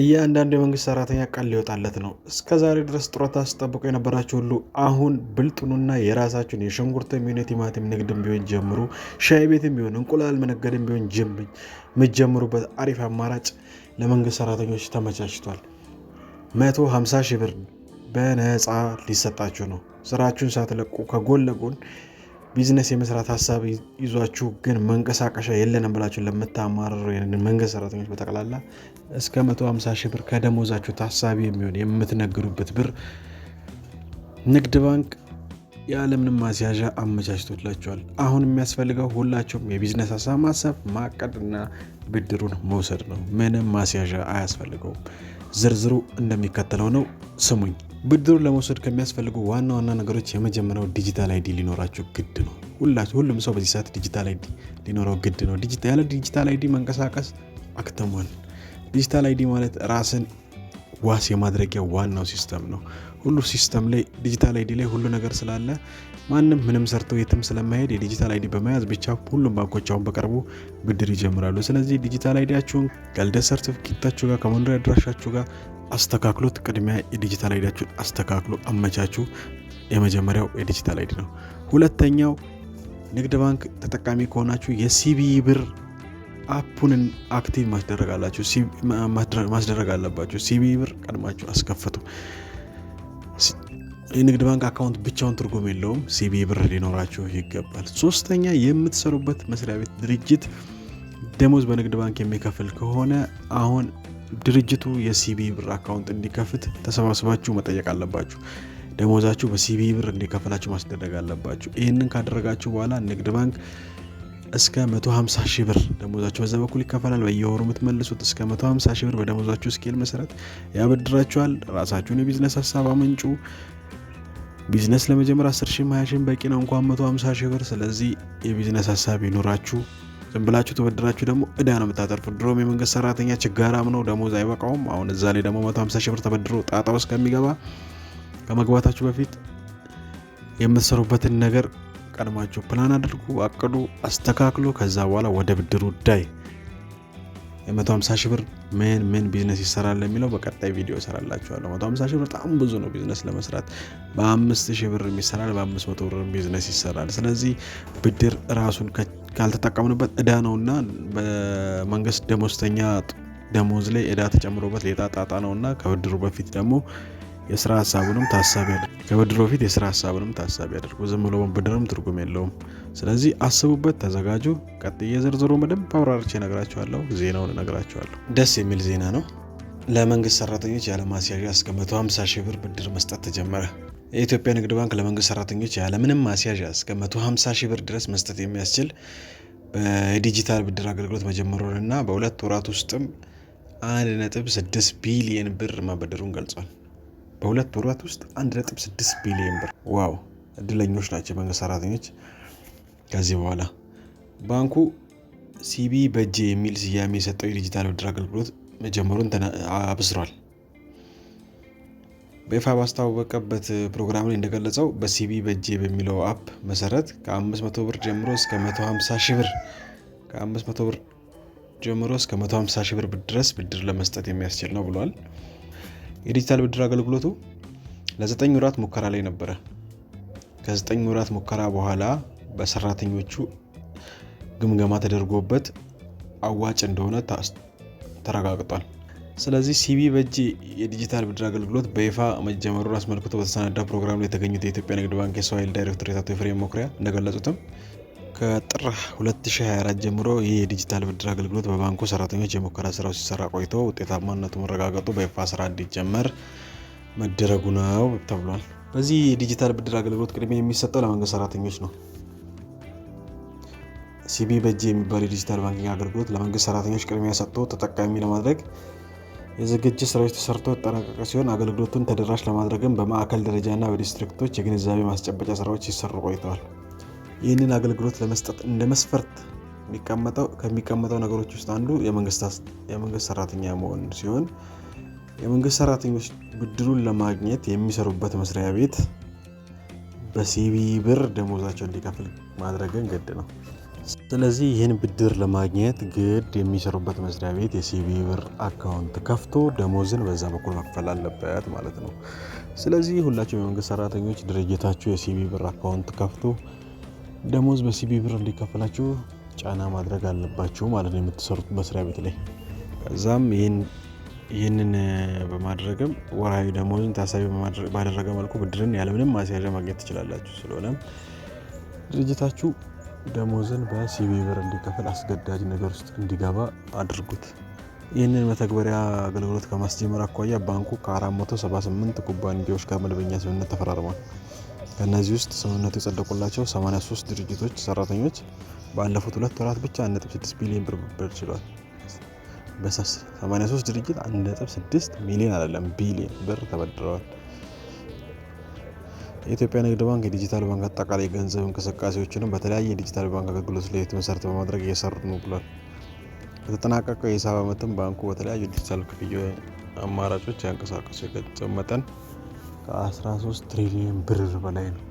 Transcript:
እያንዳንዱ የመንግስት ሰራተኛ ቃል ሊወጣለት ነው። እስከ ዛሬ ድረስ ጡረታ ስጠብቁ የነበራችሁ ሁሉ አሁን ብልጥኑና የራሳችሁን የሽንኩርት ቢሆን የቲማቲም ንግድም ቢሆን ጀምሩ። ሻይ ቤትም ቢሆን እንቁላል መነገድም ቢሆን ጀምኝ የምትጀምሩበት አሪፍ አማራጭ ለመንግስት ሰራተኞች ተመቻችቷል። 150 ሺህ ብር በነፃ ሊሰጣችሁ ነው። ስራችሁን ሳትለቁ ከጎን ለጎን ቢዝነስ የመስራት ሀሳብ ይዟችሁ ግን መንቀሳቀሻ የለንም ብላችሁ ለምታማርሩ መንግስት ሰራተኞች በጠቅላላ እስከ 150 ሺህ ብር ከደሞዛችሁ ታሳቢ የሚሆን የምትነግዱበት ብር ንግድ ባንክ ያለምንም ማስያዣ አመቻችቶላቸዋል። አሁን የሚያስፈልገው ሁላቸውም የቢዝነስ ሀሳብ ማሰብ፣ ማቀድና ብድሩን መውሰድ ነው። ምንም ማስያዣ አያስፈልገውም። ዝርዝሩ እንደሚከተለው ነው። ስሙኝ። ብድሩን ለመውሰድ ከሚያስፈልጉ ዋና ዋና ነገሮች የመጀመሪያው ዲጂታል አይዲ ሊኖራችሁ ግድ ነው። ሁላችሁ ሁሉም ሰው በዚህ ሰዓት ዲጂታል አይዲ ሊኖረው ግድ ነው። ያለ ዲጂታል አይዲ መንቀሳቀስ አክተሟል። ዲጂታል አይዲ ማለት ራስን ዋስ የማድረጊያ ዋናው ሲስተም ነው። ሁሉ ሲስተም ላይ ዲጂታል አይዲ ላይ ሁሉ ነገር ስላለ ማንም ምንም ሰርቶ የትም ስለማሄድ የዲጂታል አይዲ በመያዝ ብቻ ሁሉም ባንኮች አሁን በቅርቡ ብድር ይጀምራሉ። ስለዚህ ዲጂታል አይዲያችሁን ከልደት ሰርቲፊኬታችሁ ጋር ከመኖሪያ አድራሻችሁ ጋር አስተካክሎት ቅድሚያ የዲጂታል አይዲያችሁን አስተካክሎ አመቻችሁ የመጀመሪያው የዲጂታል አይዲ ነው። ሁለተኛው ንግድ ባንክ ተጠቃሚ ከሆናችሁ የሲቢኢ ብር አፑን አክቲቭ ማስደረግ ማስደረግ አለባችሁ። ሲቢኢ ብር ቀድማችሁ አስከፍቱ። የንግድ ባንክ አካውንት ብቻውን ትርጉም የለውም። ሲቢኢ ብር ሊኖራችሁ ይገባል። ሶስተኛ የምትሰሩበት መስሪያ ቤት ድርጅት ደሞዝ በንግድ ባንክ የሚከፍል ከሆነ አሁን ድርጅቱ የሲቢ ብር አካውንት እንዲከፍት ተሰባስባችሁ መጠየቅ አለባችሁ። ደሞዛችሁ በሲቢ ብር እንዲከፈላችሁ ማስደረግ አለባችሁ። ይህንን ካደረጋችሁ በኋላ ንግድ ባንክ እስከ 150 ሺህ ብር ደሞዛችሁ በዛ በኩል ይከፈላል። በየወሩ የምትመልሱት እስከ 150 ሺህ ብር በደሞዛችሁ ስኬል መሰረት ያበድራችኋል። ራሳችሁን የቢዝነስ ሀሳብ አመንጩ። ቢዝነስ ለመጀመር 10 ሺህ 20 ሺህ በቂ ነው፣ እንኳን 150 ሺህ ብር። ስለዚህ የቢዝነስ ሀሳብ ይኖራችሁ። ዝም ብላችሁ ተበድራችሁ ደግሞ እዳ ነው የምታተርፉት። ድሮም የመንግስት ሰራተኛ ችጋራም ነው፣ ደሞዝ አይበቃውም። አሁን እዛ ላይ ደግሞ 150 ሺህ ብር ተበድሮ ጣጣ ውስጥ ከሚገባ ከመግባታችሁ በፊት የምትሰሩበትን ነገር ቀድማችሁ ፕላን አድርጉ፣ አቅዱ፣ አስተካክሉ። ከዛ በኋላ ወደ ብድሩ ዳይ የ150 ሺህ ብር ምን ምን ቢዝነስ ይሰራል የሚለው በቀጣይ ቪዲዮ እሰራላችኋለሁ። 150 ሺህ ብር በጣም ብዙ ነው ቢዝነስ ለመስራት። በ5000 ብር ይሰራል፣ በ500 ብር ቢዝነስ ይሰራል። ስለዚህ ብድር ራሱን ካልተጠቀምንበት እዳ ነውና በመንግስት ደሞዝተኛ ደሞዝ ላይ እዳ ተጨምሮበት ሌጣ ጣጣ ነውና ከብድሩ በፊት ደግሞ የስራ ሀሳቡንም ታሳቢ ከብድሩ በፊት የስራ ሀሳቡንም ታሳቢ ያደርጉ። ዝም ብሎ መበደርም ትርጉም የለውም። ስለዚህ አስቡበት፣ ተዘጋጁ። ቀጥዬ ዝርዝሩ በደንብ አብራርቼ እነግራችኋለሁ። ዜናውን እነግራችኋለሁ። ደስ የሚል ዜና ነው። ለመንግስት ሰራተኞች ያለማስያዣ እስከ 150 ሺህ ብር ብድር መስጠት ተጀመረ። የኢትዮጵያ ንግድ ባንክ ለመንግስት ሰራተኞች ያለምንም ማስያዣ እስከ 150 ሺህ ብር ድረስ መስጠት የሚያስችል የዲጂታል ብድር አገልግሎት እና በሁለት ወራት ውስጥም 1.6 ቢሊየን ብር ማበደሩን ገልጿል። በሁለት ወራት ውስጥ 1.6 ቢሊየን ብር! ዋው! እድለኞች ናቸው የመንግስት ሰራተኞች። ከዚህ በኋላ ባንኩ ሲቢ በጄ የሚል ስያሜ የሰጠው የዲጂታል ብድር አገልግሎት መጀመሩን አብስሯል። በይፋ ባስታወቀበት ፕሮግራም ላይ እንደገለጸው በሲቢ በጄ በሚለው አፕ መሰረት ከ500 ብር ጀምሮ እስከ 150 ሺህ ብር ከ500 ብር ጀምሮ እስከ 150 ሺህ ብር ድረስ ብድር ለመስጠት የሚያስችል ነው ብሏል። የዲጂታል ብድር አገልግሎቱ ለዘጠኝ ወራት ሙከራ ላይ ነበረ። ከዘጠኝ ወራት ሙከራ በኋላ በሰራተኞቹ ግምገማ ተደርጎበት አዋጭ እንደሆነ ተረጋግጧል። ስለዚህ ሲቢ በእጅ የዲጂታል ብድር አገልግሎት በይፋ መጀመሩን አስመልክቶ በተሰናዳ ፕሮግራም ላይ የተገኙት የኢትዮጵያ ንግድ ባንክ የሰው ኃይል ዳይሬክቶሬት አቶ ኤፍሬም መኩሪያ እንደገለጹትም ከጥር 2024 ጀምሮ ይህ የዲጂታል ብድር አገልግሎት በባንኩ ሰራተኞች የሙከራ ስራው ሲሰራ ቆይቶ ውጤታማነቱ መረጋገጡ በይፋ ስራ እንዲጀመር መደረጉ ነው ተብሏል። በዚህ የዲጂታል ብድር አገልግሎት ቅድሚያ የሚሰጠው ለመንግስት ሰራተኞች ነው። ሲቢ በእጅ የሚባል የዲጂታል ባንኪንግ አገልግሎት ለመንግስት ሰራተኞች ቅድሚያ ሰጥቶ ተጠቃሚ ለማድረግ የዝግጅት ስራዎች ተሰርቶ የተጠናቀቀ ሲሆን አገልግሎቱን ተደራሽ ለማድረግም በማዕከል ደረጃና በዲስትሪክቶች የግንዛቤ ማስጨበጫ ስራዎች ሲሰሩ ቆይተዋል። ይህንን አገልግሎት ለመስጠት እንደ መስፈርት ከሚቀመጠው ነገሮች ውስጥ አንዱ የመንግስት ሰራተኛ መሆን ሲሆን የመንግስት ሰራተኞች ብድሩን ለማግኘት የሚሰሩበት መስሪያ ቤት በሲቪ ብር ደሞዛቸው እንዲከፍል ማድረግን ግድ ነው። ስለዚህ ይህን ብድር ለማግኘት ግድ የሚሰሩበት መስሪያ ቤት የሲቪ ብር አካውንት ከፍቶ ደሞዝን በዛ በኩል መክፈል አለበት ማለት ነው። ስለዚህ ሁላችሁም የመንግስት ሰራተኞች ድርጅታችሁ የሲቪ ብር አካውንት ከፍቶ ደሞዝ በሲቢ ብር እንዲከፈላችሁ ጫና ማድረግ አለባችሁ ማለት ነው የምትሰሩት መስሪያ ቤት ላይ። ከዛም ይህንን በማድረግም ወርሃዊ ደሞዝን ታሳቢ ባደረገ መልኩ ብድርን ያለምንም ማስያዣ ማግኘት ትችላላችሁ። ስለሆነም ድርጅታችሁ ደሞዝን በሲቢ ብር እንዲከፍል አስገዳጅ ነገር ውስጥ እንዲገባ አድርጉት። ይህንን መተግበሪያ አገልግሎት ከማስጀመር አኳያ ባንኩ ከ478 ኩባንያዎች ጋር መደበኛ ስምምነት ተፈራርሟል። ከእነዚህ ውስጥ ስምምነቱ የጸደቁላቸው 83 ድርጅቶች ሰራተኞች ባለፉት ሁለት ወራት ብቻ 1.6 ቢሊዮን ብር ብር ችሏል። በ83 ድርጅት 1.6 ሚሊዮን አይደለም ቢሊዮን ብር ተበድረዋል። የኢትዮጵያ ንግድ ባንክ የዲጂታል ባንክ አጠቃላይ ገንዘብ እንቅስቃሴዎችንም በተለያየ የዲጂታል ባንክ አገልግሎት ላይ መሰረት በማድረግ እየሰሩ ነው ብሏል። በተጠናቀቀው የሂሳብ ዓመትም ባንኩ በተለያዩ ዲጂታል ክፍያ አማራጮች ያንቀሳቀሱ የገንዘብ መጠን ከ13 ትሪሊዮን ብር በላይ ነው።